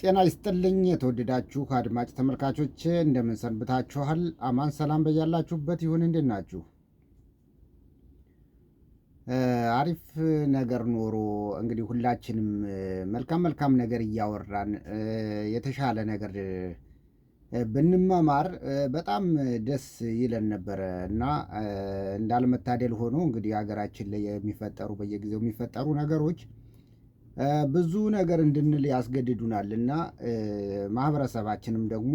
ጤና ይስጥልኝ የተወደዳችሁ አድማጭ ተመልካቾች፣ እንደምንሰንብታችኋል። አማን ሰላም በያላችሁበት ይሁን። እንዴት ናችሁ? አሪፍ ነገር ኖሮ እንግዲህ ሁላችንም መልካም መልካም ነገር እያወራን የተሻለ ነገር ብንመማር በጣም ደስ ይለን ነበረ እና እንዳለመታደል ሆኖ እንግዲህ ሀገራችን ላይ የሚፈጠሩ በየጊዜው የሚፈጠሩ ነገሮች ብዙ ነገር እንድንል ያስገድዱናል እና ማህበረሰባችንም ደግሞ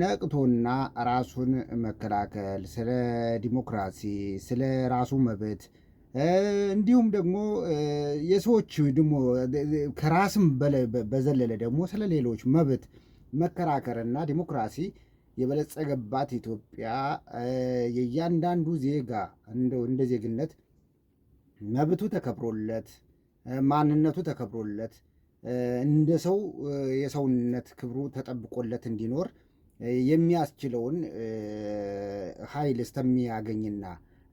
ነቅቶና ራሱን መከላከል ስለ ዲሞክራሲ፣ ስለ ራሱ መብት እንዲሁም ደግሞ የሰዎች ደግሞ ከራስም በዘለለ ደግሞ ስለ ሌሎች መብት መከራከርና ዲሞክራሲ የበለጸገባት ኢትዮጵያ የእያንዳንዱ ዜጋ እንደ ዜግነት መብቱ ተከብሮለት ማንነቱ ተከብሮለት እንደ ሰው የሰውነት ክብሩ ተጠብቆለት እንዲኖር የሚያስችለውን ኃይል እስከሚያገኝና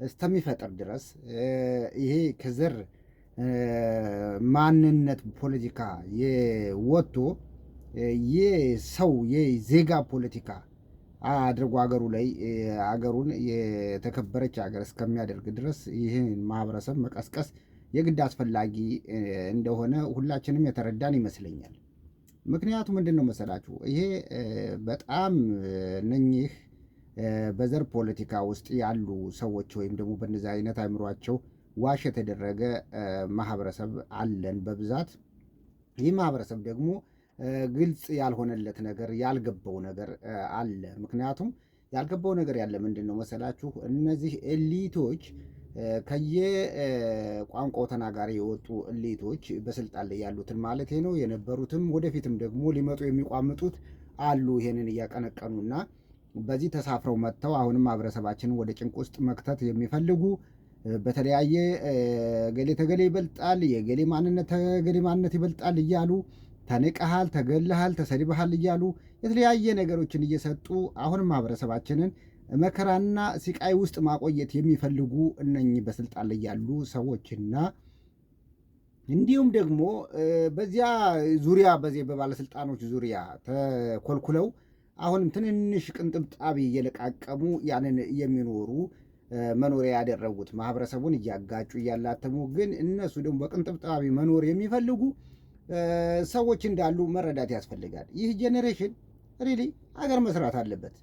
እስከሚፈጥር ድረስ ይሄ ከዘር ማንነት ፖለቲካ ወጥቶ የሰው የዜጋ ፖለቲካ አድርጎ አገሩ ላይ አገሩን የተከበረች ሀገር እስከሚያደርግ ድረስ ይህን ማህበረሰብ መቀስቀስ የግድ አስፈላጊ እንደሆነ ሁላችንም የተረዳን ይመስለኛል። ምክንያቱ ምንድን ነው መሰላችሁ? ይሄ በጣም እነኚህ በዘር ፖለቲካ ውስጥ ያሉ ሰዎች ወይም ደግሞ በነዚ አይነት አይምሯቸው ዋሽ የተደረገ ማህበረሰብ አለን በብዛት። ይህ ማህበረሰብ ደግሞ ግልጽ ያልሆነለት ነገር ያልገባው ነገር አለ። ምክንያቱም ያልገባው ነገር ያለ ምንድን ነው መሰላችሁ እነዚህ ኤሊቶች ከየቋንቋው ተናጋሪ የወጡ እሊቶች በስልጣን ላይ ያሉትን ማለት ነው የነበሩትም ወደፊትም ደግሞ ሊመጡ የሚቋምጡት አሉ። ይሄንን እያቀነቀኑና በዚህ ተሳፍረው መጥተው አሁንም ማህበረሰባችንን ወደ ጭንቅ ውስጥ መክተት የሚፈልጉ በተለያየ ገሌ ተገሌ ይበልጣል፣ የገሌ ማንነት ተገሌ ማንነት ይበልጣል እያሉ ተንቀሃል፣ ተገልሃል፣ ተሰድበሃል እያሉ የተለያየ ነገሮችን እየሰጡ አሁንም ማህበረሰባችንን መከራና ስቃይ ውስጥ ማቆየት የሚፈልጉ እነኚህ በስልጣን ላይ ያሉ ሰዎችና እንዲሁም ደግሞ በዚያ ዙሪያ በዚህ በባለስልጣኖች ዙሪያ ተኮልኩለው አሁንም ትንንሽ ቅንጥብጣቢ እየለቃቀሙ ያንን የሚኖሩ መኖሪያ ያደረጉት ማህበረሰቡን እያጋጩ እያላተሙ፣ ግን እነሱ ደግሞ በቅንጥብጣቢ መኖር የሚፈልጉ ሰዎች እንዳሉ መረዳት ያስፈልጋል። ይህ ጄኔሬሽን ሪሊ ሀገር መስራት አለበት።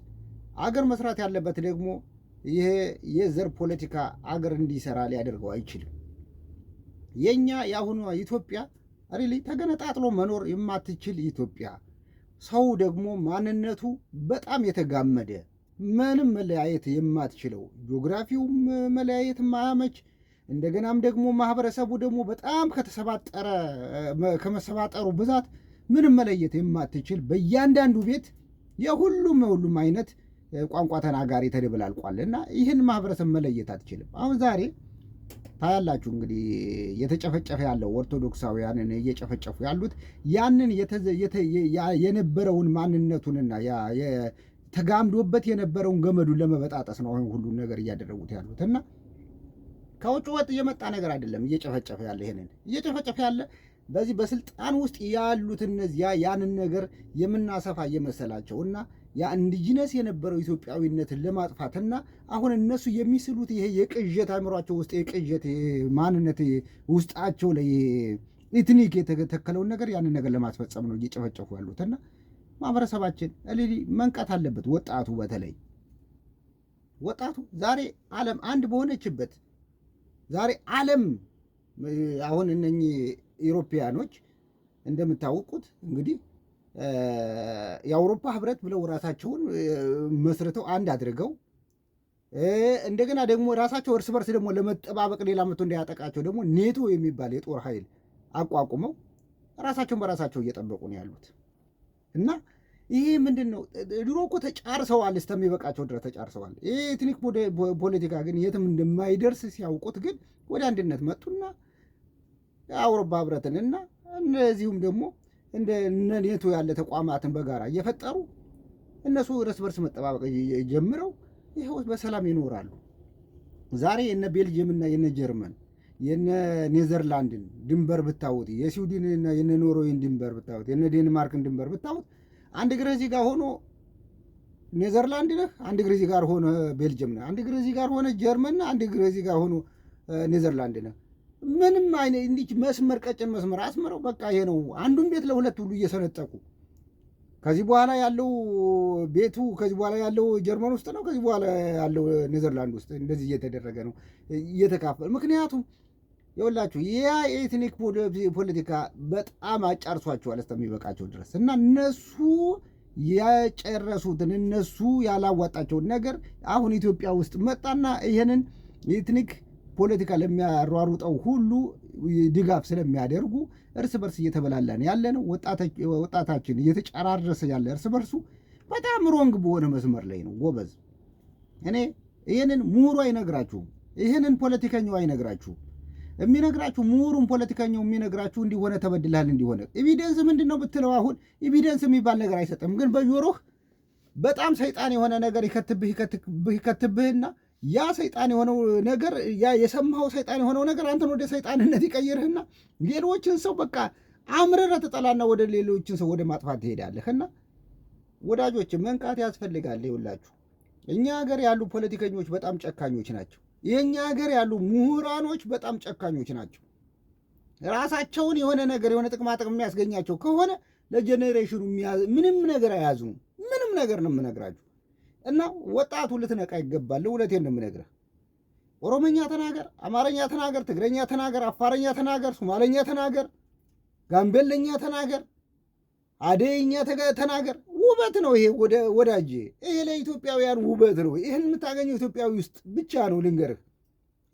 አገር መስራት ያለበት ደግሞ ይሄ የዘር ፖለቲካ አገር እንዲሰራ ሊያደርገው አይችልም። የእኛ የአሁኗ ኢትዮጵያ ሪሊ ተገነጣጥሎ መኖር የማትችል ኢትዮጵያ፣ ሰው ደግሞ ማንነቱ በጣም የተጋመደ ምንም መለያየት የማትችለው ጂኦግራፊው መለያየት ማያመች እንደገናም ደግሞ ማህበረሰቡ ደግሞ በጣም ከተሰባጠረ ከመሰባጠሩ ብዛት ምንም መለየት የማትችል በእያንዳንዱ ቤት የሁሉም የሁሉም አይነት ቋንቋ ተናጋሪ ተደበላልቋል እና ይህን ማህበረሰብ መለየት አትችልም። አሁን ዛሬ ታያላችሁ እንግዲህ የተጨፈጨፈ ያለው ኦርቶዶክሳውያንን እየጨፈጨፉ ያሉት ያንን የነበረውን ማንነቱንና ተጋምዶበት የነበረውን ገመዱን ለመበጣጠስ ነው አሁን ሁሉን ነገር እያደረጉት ያሉት እና ከውጭ ወጥ እየመጣ ነገር አይደለም። እየጨፈጨፈ ያለ ይሄንን እየጨፈጨፈ ያለ በዚህ በስልጣን ውስጥ ያሉት እነዚያ ያንን ነገር የምናሰፋ እየመሰላቸው እና የአንድነት የነበረው ኢትዮጵያዊነትን እና አሁን እነሱ የሚስሉት ይሄ የቅዠት አእምሯቸው ውስጥ የቅዠት ማንነት ውስጣቸው ላይ ኢትኒክ የተተከለውን ነገር ያንን ነገር ለማስፈጸም ነው እየጨፈጨፉ ያሉትና ማህበረሰባችን እልል መንቃት አለበት። ወጣቱ በተለይ ወጣቱ ዛሬ ዓለም አንድ በሆነችበት ዛሬ ዓለም አሁን እነኚህ ኢሮፒያኖች እንደምታውቁት እንግዲህ የአውሮፓ ህብረት ብለው ራሳቸውን መስርተው አንድ አድርገው እንደገና ደግሞ ራሳቸው እርስ በርስ ደግሞ ለመጠባበቅ ሌላ መቶ እንዳያጠቃቸው ደግሞ ኔቶ የሚባል የጦር ኃይል አቋቁመው ራሳቸውን በራሳቸው እየጠበቁ ነው ያሉት እና ይሄ ምንድን ነው? ድሮ እኮ ተጫርሰዋል፣ እስከሚበቃቸው ድረስ ተጫርሰዋል። ይሄ ኤትኒክ ፖለቲካ ግን የትም እንደማይደርስ ሲያውቁት ግን ወደ አንድነት መጡና ህብረትን እና እነዚሁም ደግሞ እንደ እነ ኔቶ ያለ ተቋማትን በጋራ እየፈጠሩ እነሱ እርስ በርስ መጠባበቅ ጀምረው ይኸው በሰላም ይኖራሉ። ዛሬ የነ ቤልጅየምና የነ ጀርመን የነ ኔዘርላንድን ድንበር ብታወጥ፣ የስዊድንና የነ ኖርዌይን ድንበር ብታወት፣ የነ ዴንማርክን ድንበር ብታወት፣ አንድ እግር እዚህ ጋር ሆኖ ኔዘርላንድ ነህ፣ አንድ እግር እዚህ ጋር ሆነ ቤልጅየም ነህ፣ አንድ እግር እዚህ ጋር ሆነ ጀርመን ነህ፣ አንድ እግር እዚህ ጋር ሆኖ ኔዘርላንድ ነህ። ምንም አይነት እንዲህ መስመር ቀጭን መስመር አስምረው በቃ ይሄ ነው። አንዱን ቤት ለሁለት ሁሉ እየሰነጠቁ ከዚህ በኋላ ያለው ቤቱ ከዚህ በኋላ ያለው ጀርመን ውስጥ ነው። ከዚህ በኋላ ያለው ኔዘርላንድ ውስጥ እንደዚህ እየተደረገ ነው እየተካፈል። ምክንያቱም የወላችሁ ያ ኤትኒክ ፖለቲካ በጣም አጫርሷቸዋል እስከሚበቃቸው ድረስ እና እነሱ የጨረሱትን እነሱ ያላዋጣቸውን ነገር አሁን ኢትዮጵያ ውስጥ መጣና ይሄንን ኤትኒክ ፖለቲካ ለሚያሯሩጠው ሁሉ ድጋፍ ስለሚያደርጉ እርስ በርስ ያለ ነው። ወጣታችን እየተጨራረሰ ያለ እርስ በርሱ በጣም ሮንግ በሆነ መስመር ላይ ነው። ጎበዝ እኔ ይህንን ምሁሩ አይነግራችሁም። ይህንን ፖለቲከኛው አይነግራችሁም። የሚነግራችሁ ምሁሩም ፖለቲከኛው የሚነግራችሁ እንዲሆነ ተበድልሃል እንዲሆነ ኤቪደንስ ምንድን ነው ብትለው አሁን ኤቪደንስ የሚባል ነገር አይሰጥም። ግን በጆሮህ በጣም ሰይጣን የሆነ ነገር ይከትብህ ይከትብህና ያ ሰይጣን የሆነው ነገር ያ የሰማኸው ሰይጣን የሆነው ነገር አንተን ወደ ሰይጣንነት ይቀይርህና ሌሎችን ሰው በቃ አምርረህ ትጠላና ወደ ሌሎችን ሰው ወደ ማጥፋት ትሄዳለህና ወዳጆች መንቃት ያስፈልጋል። ይውላችሁ እኛ ሀገር ያሉ ፖለቲከኞች በጣም ጨካኞች ናቸው። የእኛ ሀገር ያሉ ምሁራኖች በጣም ጨካኞች ናቸው። ራሳቸውን የሆነ ነገር የሆነ ጥቅማጥቅም የሚያስገኛቸው ከሆነ ለጀኔሬሽኑ ምንም ነገር አያዙም። ምንም ነገር ነው የምነግራችሁ። እና ወጣቱ ልትነቃ ይገባል። እውነቴን ነው የምነግርህ። ኦሮምኛ ተናገር፣ አማርኛ ተናገር፣ ትግረኛ ተናገር፣ አፋርኛ ተናገር፣ ሶማለኛ ተናገር፣ ጋምቤለኛ ተናገር፣ አደይኛ ተናገር። ውበት ነው ይሄ ወዳጄ፣ ይሄ ለኢትዮጵያውያን ውበት ነው። ይህን የምታገኘው ኢትዮጵያዊ ውስጥ ብቻ ነው። ልንገርህ፣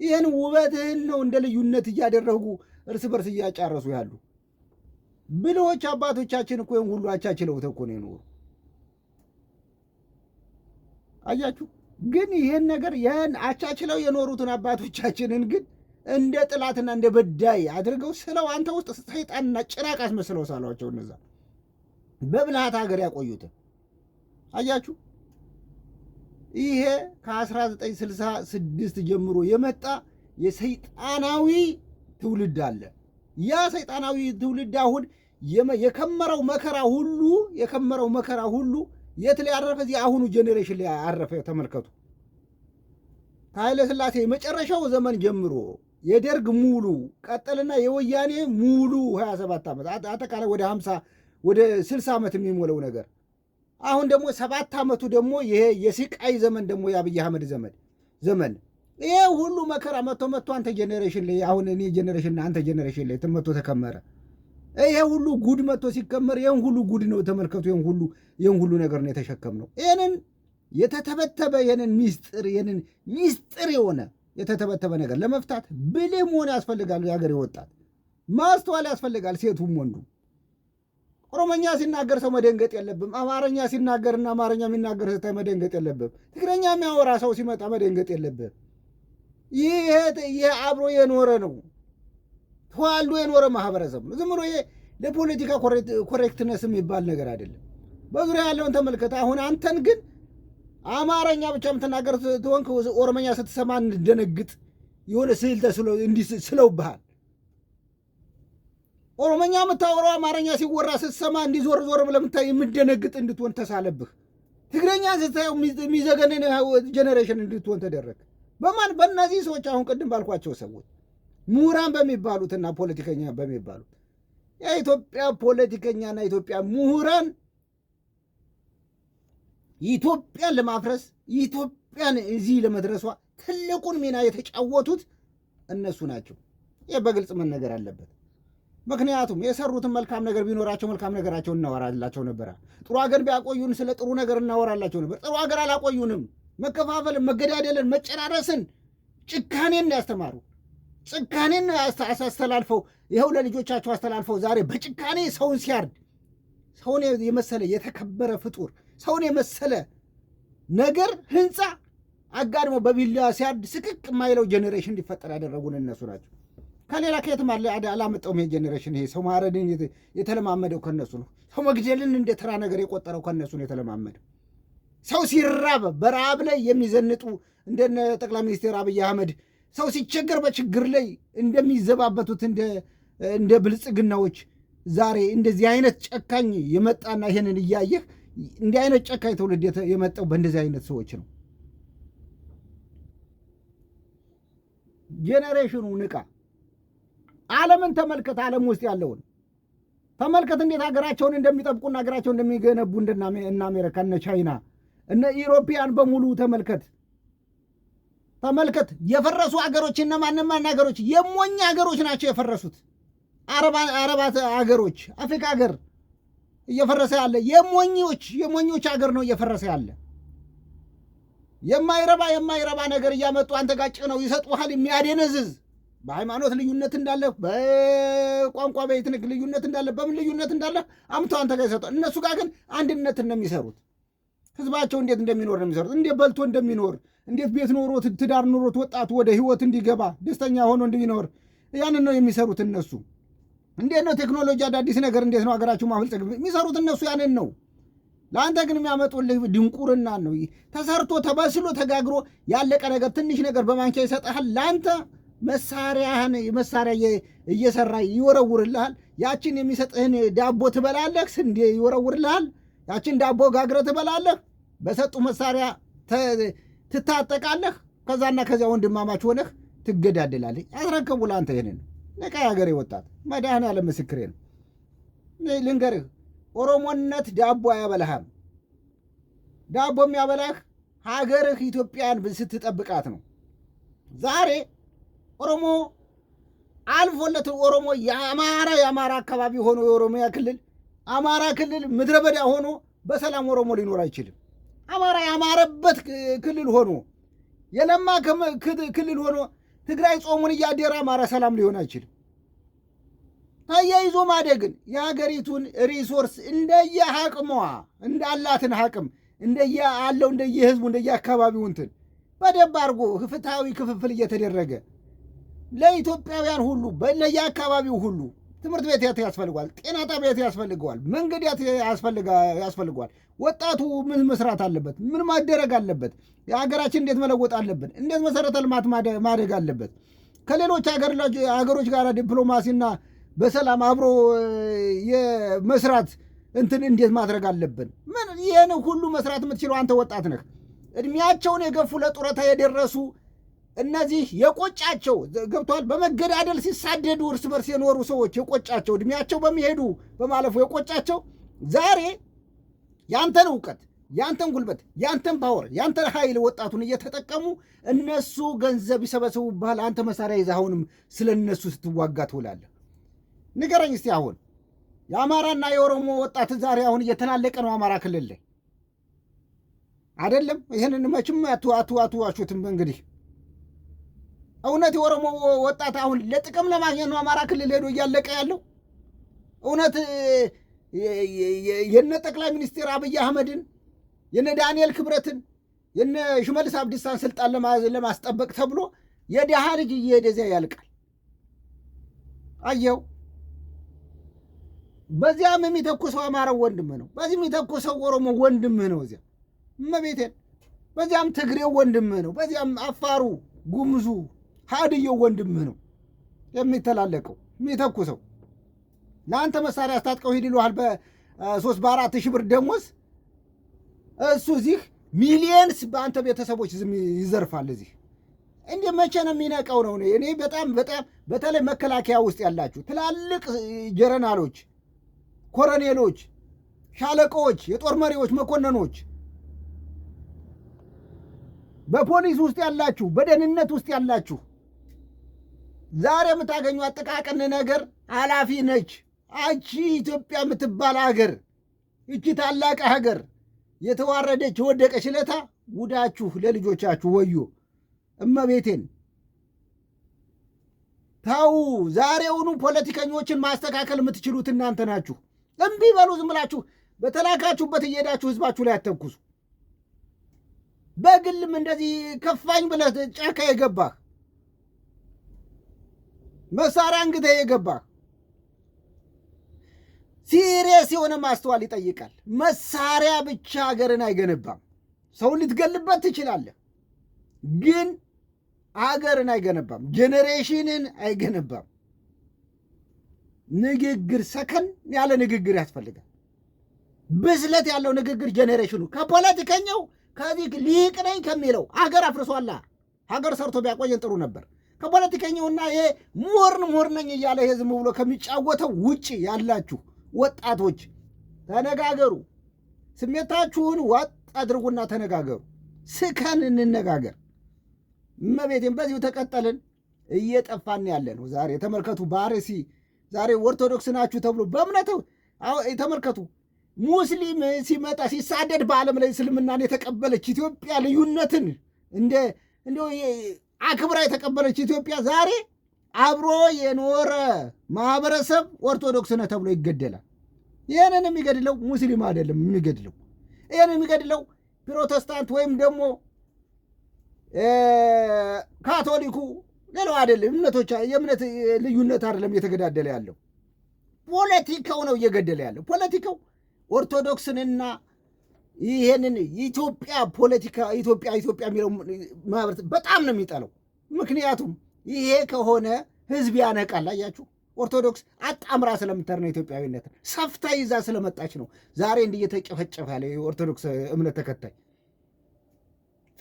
ይህን ውበትህን ነው እንደ ልዩነት እያደረጉ እርስ በርስ እያጫረሱ ያሉ ብልሆች አባቶቻችን እኮ ይህን ሁሉ አቻችለውት እኮ ነው የኖሩ አያችሁ። ግን ይህን ነገር ያን አቻችለው የኖሩትን አባቶቻችንን ግን እንደ ጥላትና እንደ በዳይ አድርገው ስለው አንተ ውስጥ ሰይጣንና ጭራቅ አስመስለው ሳሏቸው እነዛ በብልሃት ሀገር ያቆዩትን አያችሁ። ይሄ ከ1966 ጀምሮ የመጣ የሰይጣናዊ ትውልድ አለ። ያ ሰይጣናዊ ትውልድ አሁን የከመረው መከራ ሁሉ የከመረው መከራ ሁሉ የት ላይ አረፈ? እዚህ አሁኑ ጄኔሬሽን ላይ አረፈ። ተመልከቱ። ከኃይለ ሥላሴ የመጨረሻው ዘመን ጀምሮ የደርግ ሙሉ ቀጠልና የወያኔ ሙሉ 27 ዓመት አጠቃላይ ወደ 50 ወደ 60 ዓመት የሚሞለው ነገር አሁን ደግሞ ሰባት ዓመቱ ደግሞ ይሄ የስቃይ ዘመን ደግሞ የአብይ አህመድ ዘመን ዘመን ይሄ ሁሉ መከራ መቶ መቶ አንተ ጄኔሬሽን ላይ አሁን እኔ ጄኔሬሽን አንተ ጄኔሬሽን ላይ ትመቶ ተከመረ። ይሄ ሁሉ ጉድ መጥቶ ሲከመር ይህን ሁሉ ጉድ ነው ተመልከቱ። ይህን ሁሉ ነገር ነው የተሸከምነው። ይህንን የተተበተበ ይህንን ሚስጥር ይህንን ሚስጥር የሆነ የተተበተበ ነገር ለመፍታት ብልህ መሆን ያስፈልጋል። የሀገር ወጣት ማስተዋል ያስፈልጋል። ሴቱም ወንዱ ኦሮመኛ ሲናገር ሰው መደንገጥ የለብም። አማርኛ ሲናገርና አማርኛ የሚናገር ስታይ መደንገጥ የለብም። ትግረኛ የሚያወራ ሰው ሲመጣ መደንገጥ የለብም። ይህ አብሮ የኖረ ነው። ተዋልዶ የኖረ ማህበረሰብ ነው። ዝም ብሎ ይሄ ለፖለቲካ ኮሬክትነስ የሚባል ነገር አይደለም። በዙሪያ ያለውን ተመልከተ። አሁን አንተን ግን አማረኛ ብቻ የምትናገር ትሆንክ ኦሮመኛ ስትሰማ እንደነግጥ የሆነ ስዕል ስለውብሃል። ኦሮመኛ የምታወራው አማረኛ ሲወራ ስትሰማ እንዲዞርዞር ዞር ብለህ የምታይ የምደነግጥ እንድትሆን ተሳለብህ። ትግረኛ ስታየው የሚዘገንን ጀኔሬሽን እንድትሆን ተደረግ። በማን በእነዚህ ሰዎች አሁን ቅድም ባልኳቸው ሰዎች ምሁራን በሚባሉትና ፖለቲከኛ በሚባሉት የኢትዮጵያ ፖለቲከኛና ኢትዮጵያ ምሁራን ኢትዮጵያን ለማፍረስ ኢትዮጵያን እዚህ ለመድረሷ ትልቁን ሚና የተጫወቱት እነሱ ናቸው። ይህ በግልጽ መነገር አለበት። ምክንያቱም የሰሩትን መልካም ነገር ቢኖራቸው መልካም ነገራቸውን እናወራላቸው ነበረ። ጥሩ ሀገር ቢያቆዩን ስለ ጥሩ ነገር እናወራላቸው ነበር። ጥሩ ሀገር አላቆዩንም። መከፋፈልን፣ መገዳደልን፣ መጨራረስን፣ ጭካኔን ያስተማሩ ጭካኔን አስተላልፈው ይኸው ለልጆቻቸው አስተላልፈው ዛሬ በጭካኔ ሰውን ሲያርድ ሰውን የመሰለ የተከበረ ፍጡር ሰውን የመሰለ ነገር ህንፃ አጋድሞ በቢላ ሲያርድ ስቅቅ የማይለው ጀኔሬሽን እንዲፈጠር ያደረጉን እነሱ ናቸው። ከሌላ ከየትም አላመጣውም። ይሄ ጀኔሬሽን ይሄ ሰው ማረድን የተለማመደው ከነሱ ነው። ሰው መግደልን እንደ ተራ ነገር የቆጠረው ከነሱ ነው የተለማመደው። ሰው ሲራብ በረሃብ ላይ የሚዘንጡ እንደነ ጠቅላይ ሚኒስትር አብይ አህመድ ሰው ሲቸገር በችግር ላይ እንደሚዘባበቱት እንደ ብልጽግናዎች ዛሬ እንደዚህ አይነት ጨካኝ የመጣና ይሄንን እያየህ እንዲህ አይነት ጨካኝ ትውልድ የመጣው በእንደዚህ አይነት ሰዎች ነው። ጄኔሬሽኑ ንቃ። ዓለምን ተመልከት። ዓለም ውስጥ ያለውን ተመልከት። እንዴት ሀገራቸውን እንደሚጠብቁና ሀገራቸውን እንደሚገነቡ እንደነ አሜሪካ እነ ቻይና እነ ኢሮፒያን በሙሉ ተመልከት። ተመልከት። የፈረሱ አገሮች እነማን እነማን አገሮች? የሞኝ አገሮች ናቸው የፈረሱት። አረባት አገሮች፣ አፍሪካ አገር እየፈረሰ ያለ የሞኞች የሞኞች አገር ነው እየፈረሰ ያለ። የማይረባ የማይረባ ነገር እያመጡ አንተ ጋር ጭነው ይሰጡሃል። የሚያደነዝዝ በሃይማኖት ልዩነት እንዳለ፣ በቋንቋ በኤትኒክ ልዩነት እንዳለ፣ በምን ልዩነት እንዳለ አምተው አንተ ጋር ይሰጡ። እነሱ ጋር ግን አንድነት ነው የሚሰሩት። ህዝባቸው እንዴት እንደሚኖር ነው የሚሰሩት። እንዴት በልቶ እንደሚኖር እንዴት ቤት ኖሮት ትዳር ኖሮት ወጣት ወደ ህይወት እንዲገባ ደስተኛ ሆኖ እንዲኖር ያንን ነው የሚሰሩት እነሱ። እንዴት ነው ቴክኖሎጂ አዳዲስ ነገር እንዴት ነው ሀገራችሁ ማበልጸግ የሚሰሩት እነሱ ያንን ነው። ለአንተ ግን የሚያመጡልህ ድንቁርና ነው። ተሰርቶ ተበስሎ ተጋግሮ ያለቀ ነገር ትንሽ ነገር በማንኪያ ይሰጠሃል። ለአንተ መሳሪያህን መሳሪያ እየሰራ ይወረውርልሃል። ያችን የሚሰጥህን ዳቦ ትበላለህ፣ ስንዴ ይወረውርልሃል። ያችን ዳቦ ጋግረ ትበላለህ። በሰጡ መሳሪያ ትታጠቃለህ። ከዛና ከዚያ ወንድማማች ሆነህ ትገዳደላለህ። ያስረከቡ ለአንተ ይህንን ነቃ የሀገሬ ወጣት መድህን ያለ ምስክሬ ነው። ልንገርህ ኦሮሞነት ዳቦ አያበላህም። ዳቦ የሚያበላህ ሀገርህ ኢትዮጵያን ስትጠብቃት ነው። ዛሬ ኦሮሞ አልፎለት ኦሮሞ የአማራ የአማራ አካባቢ ሆኖ የኦሮሚያ ክልል አማራ ክልል ምድረ በዳ ሆኖ በሰላም ኦሮሞ ሊኖር አይችልም። አማራ ያማረበት ክልል ሆኖ የለማ ክልል ሆኖ ትግራይ ጾሙን እያደረ አማራ ሰላም ሊሆን አይችልም። ተያይዞ ማደግን የሀገሪቱን ሪሶርስ እንደየ ሀቅሟ እንዳላትን አቅም እንደየ አለው እንደየ ህዝቡ እንደየ አካባቢው እንትን በደንብ አድርጎ ፍትሐዊ ክፍፍል እየተደረገ ለኢትዮጵያውያን ሁሉ ለየ አካባቢው ሁሉ ትምህርት ቤት የት ያስፈልገዋል? ጤና ጣቢያ የት ያስፈልገዋል? መንገድ የት ያስፈልገዋል? ወጣቱ ምን መስራት አለበት? ምን ማደረግ አለበት? የሀገራችን እንዴት መለወጥ አለብን? እንዴት መሰረተ ልማት ማደግ አለበት? ከሌሎች ሀገሮች ጋር ዲፕሎማሲና በሰላም አብሮ የመስራት እንትን እንዴት ማድረግ አለብን? ምን ይህን ሁሉ መስራት የምትችለው አንተ ወጣት ነህ። እድሜያቸውን የገፉ ለጡረታ የደረሱ እነዚህ የቆጫቸው ገብተዋል። በመገዳደል ሲሳደዱ እርስ በርስ የኖሩ ሰዎች የቆጫቸው እድሜያቸው በሚሄዱ በማለፉ የቆጫቸው ዛሬ ያንተን እውቀት ያንተን ጉልበት ያንተን ፓወር ያንተን ኃይል ወጣቱን እየተጠቀሙ እነሱ ገንዘብ ባህል አንተ መሳሪያ ይዘህ አሁንም ስለ እነሱ ስትዋጋ ትውላለህ። ንገረኝ እስቲ አሁን የአማራና የኦሮሞ ወጣት ዛሬ አሁን እየተናለቀ ነው። አማራ ክልል ላይ አይደለም። ይህንን መችም አቱ አቱ አቱ አሹትም እንግዲህ እውነት የኦሮሞ ወጣት አሁን ለጥቅም ለማግኘት ነው አማራ ክልል ሄዶ እያለቀ ያለው? እውነት የነ ጠቅላይ ሚኒስትር አብይ አህመድን የነ ዳንኤል ክብረትን የነ ሽመልስ አብዲሳን ስልጣን ለማስጠበቅ ተብሎ የድሃ ልጅ እየሄደ እዚያ ያልቃል። አየው። በዚያም የሚተኩሰው አማራው ወንድም ነው። በዚህ የሚተኩሰው ኦሮሞ ወንድም ነው። እዚያ እመቤቴን፣ በዚያም ትግሬው ወንድም ነው። በዚያም አፋሩ ጉምዙ ሀድየው ወንድምህ ነው የሚተላለቀው የሚተኩሰው። ለአንተ መሳሪያ አስታጥቀው ሂድ ይሉሃል። በሶስት በአራት ሺህ ብር ደሞዝ እሱ እዚህ ሚሊየንስ በአንተ ቤተሰቦች ይዘርፋል። እዚህ እንዲ መቼ ነው የሚነቀው ነው እኔ በጣም በጣም በተለይ መከላከያ ውስጥ ያላችሁ ትላልቅ ጀረናሎች፣ ኮረኔሎች፣ ሻለቆዎች የጦር መሪዎች፣ መኮንኖች በፖሊስ ውስጥ ያላችሁ፣ በደህንነት ውስጥ ያላችሁ ዛሬ የምታገኟት ጥቃቅን ነገር ኃላፊ ነች። አቺ ኢትዮጵያ የምትባል ሀገር፣ እቺ ታላቅ ሀገር የተዋረደች የወደቀች ለታ ውዳችሁ ለልጆቻችሁ ወዮ። እመቤቴን ታው ዛሬውኑ ፖለቲከኞችን ማስተካከል የምትችሉት እናንተ ናችሁ። እምቢ በሉ ዝም ብላችሁ በተላካችሁበት እየሄዳችሁ ህዝባችሁ ላይ አተኩሱ። በግልም እንደዚህ ከፋኝ ብለህ ጫካ የገባህ መሳሪያ እንግዲህ የገባ ሲሪየስ የሆነ ማስተዋል ይጠይቃል። መሳሪያ ብቻ ሀገርን አይገነባም። ሰው ልትገልበት ትችላለህ፣ ግን አገርን አይገነባም። ጄኔሬሽንን አይገነባም። ንግግር፣ ሰከን ያለ ንግግር ያስፈልጋል። ብስለት ያለው ንግግር ጄኔሬሽኑ ከፖለቲከኛው ከዚህ ሊቅ ነኝ ከሚለው አገር አፍርሷላ። ሀገር ሰርቶ ቢያቆየን ጥሩ ነበር። ከፖለቲከኛውና ይሄ ሞርን ሞር ነኝ እያለ ይሄ ዝም ብሎ ከሚጫወተው ውጭ ያላችሁ ወጣቶች ተነጋገሩ። ስሜታችሁን ዋጥ አድርጉና ተነጋገሩ። ስከን እንነጋገር። እመቤቴን በዚሁ ተቀጠልን እየጠፋን ያለ ነው። ዛሬ ተመልከቱ፣ በአርሲ ዛሬ ኦርቶዶክስ ናችሁ ተብሎ በእምነት ተመልከቱ። ሙስሊም ሲመጣ ሲሳደድ በዓለም ላይ እስልምናን የተቀበለች ኢትዮጵያ ልዩነትን እንደ አክብራ የተቀበለች ኢትዮጵያ ዛሬ አብሮ የኖረ ማህበረሰብ ኦርቶዶክስ ነህ ተብሎ ይገደላል። ይህንን የሚገድለው ሙስሊም አይደለም የሚገድለው ይህን የሚገድለው ፕሮቴስታንት ወይም ደግሞ ካቶሊኩ ሌላው አይደለም። እምነቶች የእምነት ልዩነት አይደለም እየተገዳደለ ያለው ፖለቲካው ነው እየገደለ ያለው ፖለቲካው ኦርቶዶክስንና ይሄንን ኢትዮጵያ ፖለቲካ ኢትዮጵያ ኢትዮጵያ የሚለው ማህበረሰብ በጣም ነው የሚጠለው። ምክንያቱም ይሄ ከሆነ ህዝብ ያነቃል። አያችሁ ኦርቶዶክስ አጣምራ ስለምታር ነው ኢትዮጵያዊነት ሰፍታ ይዛ ስለመጣች ነው ዛሬ እንዲህ እየተጨፈጨፈ ያለ የኦርቶዶክስ እምነት ተከታይ።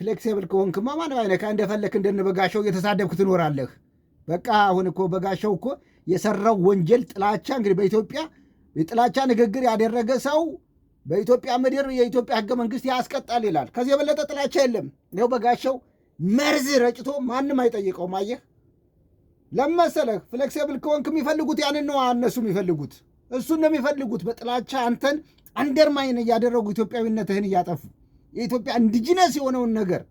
ፍሌክሲብል ከሆንክማ ማንም አይነካ፣ እንደፈለክ እንደነበጋሻው እየተሳደብክ ትኖራለህ። በቃ አሁን እኮ በጋሻው እኮ የሰራው ወንጀል ጥላቻ እንግዲህ በኢትዮጵያ የጥላቻ ንግግር ያደረገ ሰው በኢትዮጵያ ምድር የኢትዮጵያ ህገ መንግስት ያስቀጣል ይላል። ከዚህ የበለጠ ጥላቻ የለም። ይኸው በጋሻው መርዝ ረጭቶ ማንም አይጠይቀውም። አየህ ለመሰለህ ፍሌክሲብል ከሆንክ የሚፈልጉት ያንን ነው እነሱ የሚፈልጉት እሱን ነው የሚፈልጉት። በጥላቻ አንተን አንደርማይን እያደረጉ ኢትዮጵያዊነትህን እያጠፉ የኢትዮጵያ ኢንዲጂነስ የሆነውን ነገር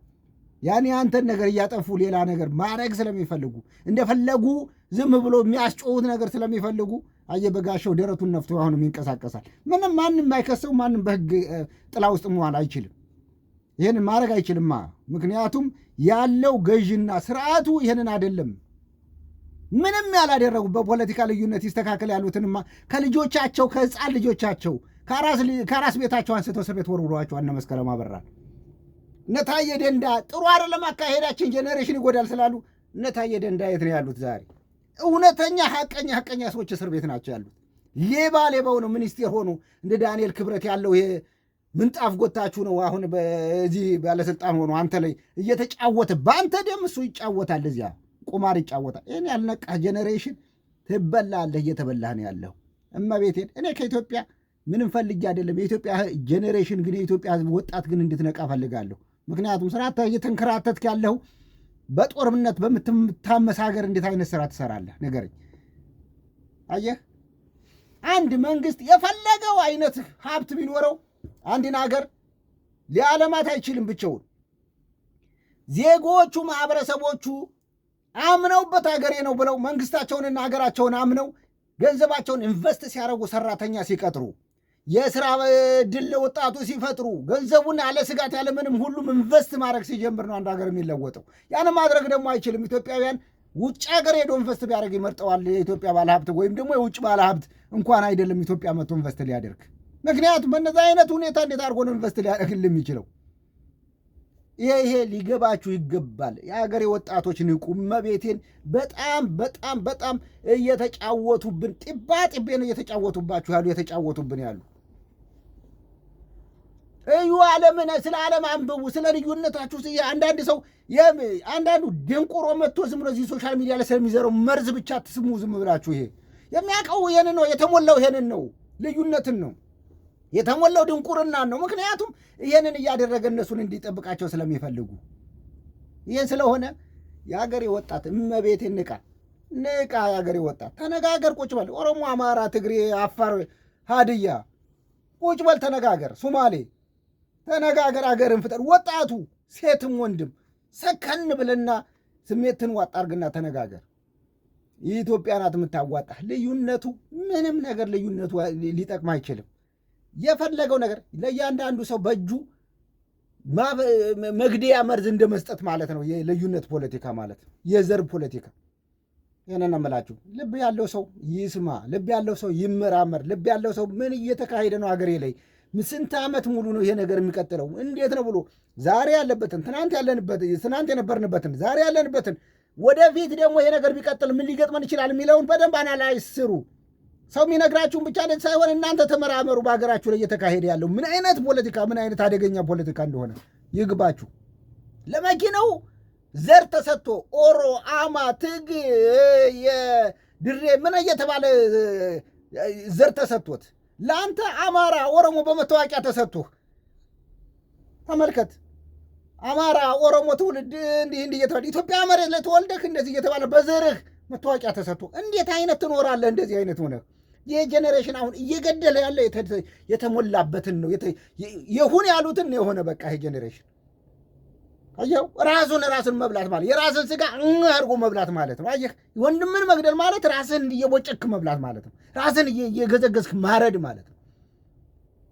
ያኔ አንተን ነገር እያጠፉ ሌላ ነገር ማድረግ ስለሚፈልጉ እንደፈለጉ ዝም ብሎ የሚያስጮሁት ነገር ስለሚፈልጉ አየበጋሻው ደረቱን ነፍቶ አሁንም ይንቀሳቀሳል። ምንም ማንም አይከሰው። ማንም በህግ ጥላ ውስጥ መዋል አይችልም። ይህንን ማድረግ አይችልማ። ምክንያቱም ያለው ገዥና ስርዓቱ ይህንን አይደለም። ምንም ያላደረጉ በፖለቲካ ልዩነት ይስተካከል ያሉትንማ ከልጆቻቸው ከህፃን ልጆቻቸው ከአራስ ቤታቸው አንስተው እስር ቤት ወርውሯቸው እነ መስከረም አበራን እነታየ ደንዳ ጥሩ አይደለም አካሄዳችን ጄኔሬሽን ይጎዳል ስላሉ እነታየ ደንዳ የት ነው ያሉት? ዛሬ እውነተኛ ሀቀኛ ሀቀኛ ሰዎች እስር ቤት ናቸው ያሉት። ሌባ ሌባው ነው ሚኒስቴር ሆኖ እንደ ዳንኤል ክብረት ያለው ምንጣፍ ጎታችሁ ነው አሁን በዚህ ባለስልጣን ሆኖ አንተ ላይ እየተጫወተ በአንተ ደም እሱ ይጫወታል፣ እዚያ ቁማር ይጫወታል። ይህን ያልነቃ ጄኔሬሽን ትበላለህ፣ እየተበላህ ነው ያለው። እመቤቴን እኔ ከኢትዮጵያ ምንም ፈልጌ አይደለም። የኢትዮጵያ ጄኔሬሽን ግን የኢትዮጵያ ሕዝብ ወጣት ግን እንድትነቃ ፈልጋለሁ። ምክንያቱም ስራ እየተንከራተትክ ያለው በጦርነት በምትታመስ ሀገር እንዴት አይነት ስራ ትሰራለህ? ንገረኝ። አየህ፣ አንድ መንግስት የፈለገው አይነት ሀብት ቢኖረው አንድን ሀገር ሊያለማት አይችልም ብቻው ዜጎቹ፣ ማህበረሰቦቹ አምነውበት ሀገሬ ነው ብለው መንግስታቸውንና ሀገራቸውን አምነው ገንዘባቸውን ኢንቨስት ሲያደርጉ ሰራተኛ ሲቀጥሩ የስራ እድል ወጣቱ ሲፈጥሩ ገንዘቡን አለ ስጋት ያለምንም ሁሉም ኢንቨስት ማድረግ ሲጀምር ነው አንድ ሀገር የሚለወጠው። ያን ማድረግ ደግሞ አይችልም። ኢትዮጵያውያን ውጭ ሀገር ሄዶ ኢንቨስት ቢያደርግ ይመርጠዋል። የኢትዮጵያ ባለሀብት ወይም ደግሞ የውጭ ባለሀብት እንኳን አይደለም ኢትዮጵያ መጥቶ ኢንቨስት ሊያደርግ። ምክንያቱም በነዚ አይነት ሁኔታ እንዴት አድርጎ ነው ኢንቨስት ሊያደርግ የሚችለው? ይሄ ይሄ ሊገባችሁ ይገባል። የሀገሬ ወጣቶች ንቁ። መቤቴን በጣም በጣም በጣም እየተጫወቱብን፣ ጢባ ጢቤን እየተጫወቱባችሁ ያሉ እየተጫወቱብን ያሉ እዩ ዓለምን ስለ ዓለም አንብቡ፣ ስለ ልዩነታችሁ። አንዳንድ ሰው አንዳንዱ ደንቆሮ መጥቶ ዝም ብሎ እዚህ ሶሻል ሚዲያ ላይ ስለሚዘረው መርዝ ብቻ ትስሙ ዝም ብላችሁ። ይሄ የሚያውቀው ይሄንን ነው የተሞላው፣ ይሄንን ነው ልዩነትን ነው የተሞላው ድንቁርና ነው። ምክንያቱም ይሄንን እያደረገ እነሱን እንዲጠብቃቸው ስለሚፈልጉ ይህን ስለሆነ የሀገሬ ወጣት እመቤቴ ንቃ ንቃ፣ የሀገሬ ወጣት ተነጋገር፣ ቁጭ በል። ኦሮሞ፣ አማራ፣ ትግሬ፣ አፋር፣ ሀድያ ቁጭ በል ተነጋገር። ሶማሌ ተነጋገር፣ አገርን ፍጠር። ወጣቱ ሴትም ወንድም ሰከን ብለና ስሜትን ዋጣ አርግና ተነጋገር። የኢትዮጵያ ናት የምታዋጣ። ልዩነቱ ምንም ነገር ልዩነቱ ሊጠቅም አይችልም። የፈለገው ነገር ለእያንዳንዱ ሰው በእጁ መግደያ መርዝ እንደ መስጠት ማለት ነው። የልዩነት ፖለቲካ ማለት የዘር ፖለቲካ። ይህንን እምላችሁ ልብ ያለው ሰው ይስማ፣ ልብ ያለው ሰው ይመራመር፣ ልብ ያለው ሰው ምን እየተካሄደ ነው አገሬ ላይ ስንት ዓመት ሙሉ ነው ይሄ ነገር የሚቀጥለው? እንዴት ነው ብሎ ዛሬ ያለበትን ትናንት ያለንበት ትናንት የነበርንበትን ዛሬ ያለንበትን ወደፊት ደግሞ ይሄ ነገር ቢቀጥል ምን ሊገጥመን ይችላል የሚለውን በደንብ አናላይዝ ስሩ። ሰው የሚነግራችሁን ብቻ ሳይሆን እናንተ ተመራመሩ። በሀገራችሁ ላይ እየተካሄደ ያለው ምን አይነት ፖለቲካ፣ ምን አይነት አደገኛ ፖለቲካ እንደሆነ ይግባችሁ። ለመኪናው ዘር ተሰጥቶ ኦሮ፣ አማ፣ ትግ፣ የድሬ ምን እየተባለ ዘር ተሰጥቶት ለአንተ አማራ ኦሮሞ በመታወቂያ ተሰጥቶህ ተመልከት። አማራ ኦሮሞ ትውልድ እንዲህ እንዲህ እየተባለ ኢትዮጵያ መሬት ላይ እንደዚህ እየተባለ በዘርህ መታወቂያ ተሰጥቶ እንዴት አይነት ትኖራለህ? እንደዚህ አይነት ሆነ ይህ አሁን እየገደለ ያለ የተሞላበትን ነው። የሁን ያሉትን የሆነ በቃ ይሄ ጀኔሬሽን አየው ራሱን ራሱን መብላት ማለት የራስን ስጋ አድርጎ መብላት ማለት ነው። አየህ፣ ወንድምን መግደል ማለት ራስን እየቦጨክ መብላት ማለት ነው። ራስን እየገዘገዝክ ማረድ ማለት ነው።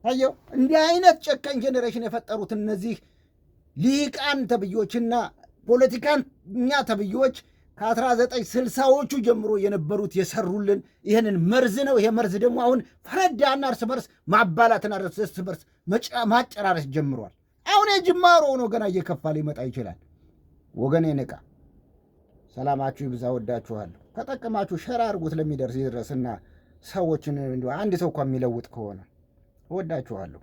አየው እንዲህ አይነት ጨካኝ ጄኔሬሽን የፈጠሩት እነዚህ ሊቃን ተብዮችና ፖለቲካኛ ተብዮች ከአስራ ዘጠኝ ስልሳዎቹ ጀምሮ የነበሩት የሰሩልን ይህንን መርዝ ነው። ይሄ መርዝ ደግሞ አሁን ፈረዳና እርስ በርስ ማባላትና እርስ በርስ ማጨራረስ ጀምሯል። አሁን የጅማሮ ሆኖ ገና እየከፋ ሊመጣ ይችላል። ወገኔ ንቃ። ሰላማችሁ ይብዛ። ወዳችኋለሁ። ከጠቀማችሁ ሸራ አድርጉት ለሚደርስ ይድረስና ሰዎችን አንድ ሰው እንኳ የሚለውጥ ከሆነ ወዳችኋለሁ።